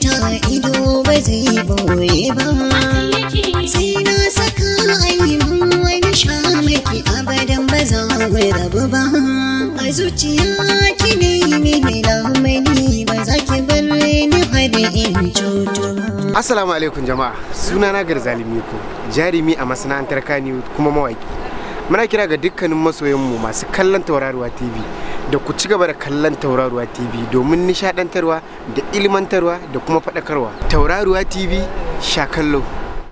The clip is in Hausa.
furta ido ba zai boye ba sai na saka ainihin wani shamaki abadan ba za mu rabu ba a zuciya ki ne mini lamari ba za ki bar ni har in cutu Assalamu alaikum jama'a sunana Garzali Miko jarumi a masana'antar Kaniwood kuma mawaki muna kira ga dukkanin masoyanmu masu kallon tauraruwa tv da ku ci gaba da kallon tauraruwa tv domin nishadantarwa da ilmantarwa da kuma faɗakarwa tauraruwa tv sha kallo